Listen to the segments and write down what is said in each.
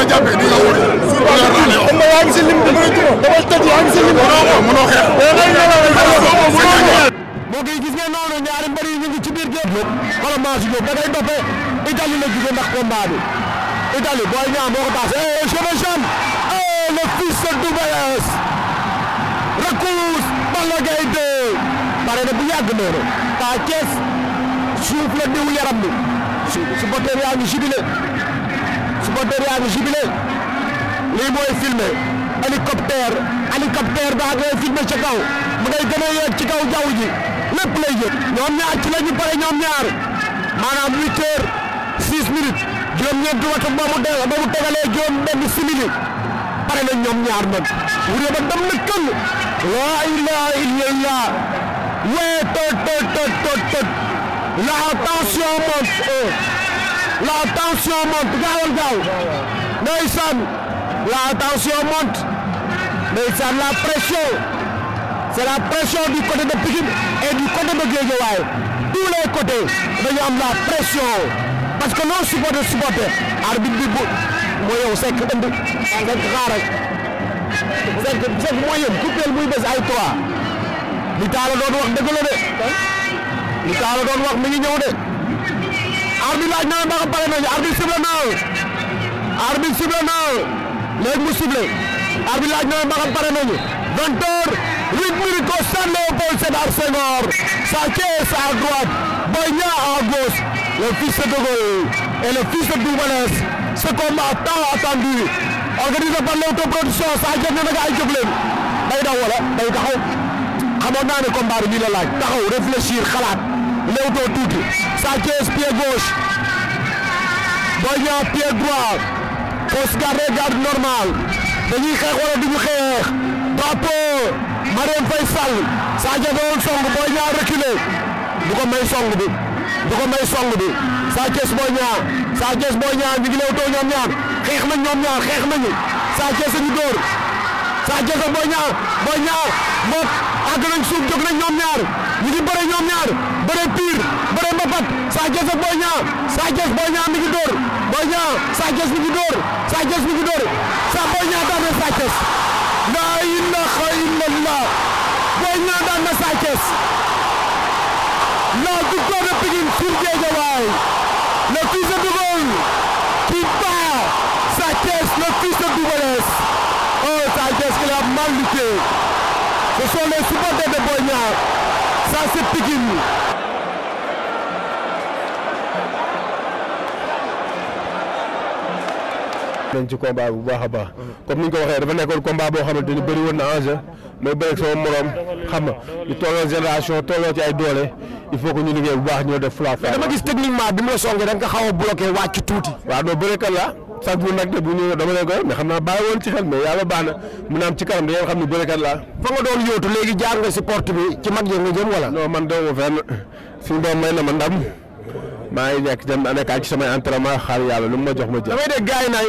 la jàppee nii la wóoree. suba la raale wax dama yaa ngi si lim bi dama tëj yaa ngi si lim bi. mënoo mënoo xeex. moo koy gis nga noonu ñaari mbër yi ñu ngi ci biir géej gi. xoolal maa si ñëw da ngay doppe Italie la jóge ndax combat bi Italie booy ñaar moo ko passé. Chevauchane eh, eh, le fils de Doubayes Rakous Balla Gaye 2 pare na bu yàgg noonu. Taa Thiès suuf la diw yaram bi su su bokkee yaa ngi jubilé. amateur yaa ngi jubilé lii mooy filmé hélicoptère hélicoptère ba ngay filmé ca kaw mu ngay gën a yéeg ci kaw jaww ji lépp lay yëg ñoom ñaar ci la pare ñoom ñaar maanaam huit heures six minutes juróom-ñeenti waxtu ba mu de ba mu tegalee juróom benn simili pare nañ ñoom ñaar nag wuré ba dam na këll laa ilaha illallah wee tot tot tot tot la tension monte la tension monte gaawal gaaw ndeysaan la tension monte ndeysaan la pression c'est la pression du côté de Pikine et du côté de Guédiawaye tous les côtés dañu am la pression parce que non supporter supporter arbitre bi bu mooy yow sekk ënd sekk sekk sekk mooy yëpp muy bés ay trois li taala doon wax dëgg de li taala doon wax mi ngi ñëw de arbitre laaj na ndax pare nañu arbitre sible na arbitre sible na léegi mu sible arbitre laaj na ndax pare nañu vingt heures huit minutes ko stade Léopold Sédar Senghor Sa Thiès à droite Boy Niang à gauche le fils de Gogol et le fils de Double Less ce combat tant attendu organisé par l'autoproduction Sa Thiès ne nag ay jóg leen day daw wala day taxaw xamoon naa ne combat bi nii la laaj taxaw réfléchir xalaat lewtoo tuuti Sa Thiès pied gauche Boy Niang pied droit fausse garde garde normal dañuy xeex wala duñu xeex drapeau Marième Faye Sall Sadio da doon song Boy Niang reculé du may song bi du ko may song bi Sa Thiès Boy Niang Sa Thiès Boy ñu ngi lewtoo ñoom ñaar xeex nañ ñoom ñaar xeex nañu Sa Thiès a ñu dóor Sa Thiès ak Boy Niang Boy Niang moom àgg nañ suuf jóg nañ ñoom ñaar ñu ngi bëre ñoom ñaar bëre pire bëre mbapat Sa Thiès ak Boy Niang Sa Thiès Boy Niang mi ngi dóor Boy mi ngi dóor Sa Thiès mi ngi dóor sa Boy la ilaha illallah na Sa Thiès la victoire de Pikine sur Guédiawaye le fils de Double qui bat Sa Thiès le Jaase Pikine nañ ci combat bu baax a baax comme ni ñu ko waxee dafa nekkoon combat boo xamante ni bëri woon na enjeu mais bëri sama morom xam nga ñu tolloo génération tolloo ci ay doole il faut que ñu liggéey bu baax ñoo def fula. mais dama gis techniquement bi mu la songee da xaw a bloqué tuuti. waaw doo bëri kan la. chaque jour nag de bu ñu dama leen xam naa bàyyi woon ci xel mais yàlla baax na mu naam ci kanam da ngeen xam ne bërekat laa. fa nga doon yóotu léegi jaar nga si porte bi ci mag yëngu jëm wala. non man doomu fenn suñu doom may na ma ndam maa ngi nekk dem nekkaat ci samay entraînement xaar yàlla lu mu ma jox ma jël. damay dégg gars yi nañ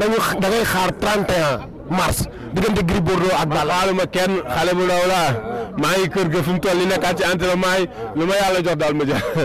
nañu da ngay xaar 31 mars diggante Gris Bordeaux ak Balla. xaaluma kenn xale bu ndaw laa maa ngi kër ga fi mu toll nii nekkaat ci entraînement yi lu ma yàlla jox daal ma jël.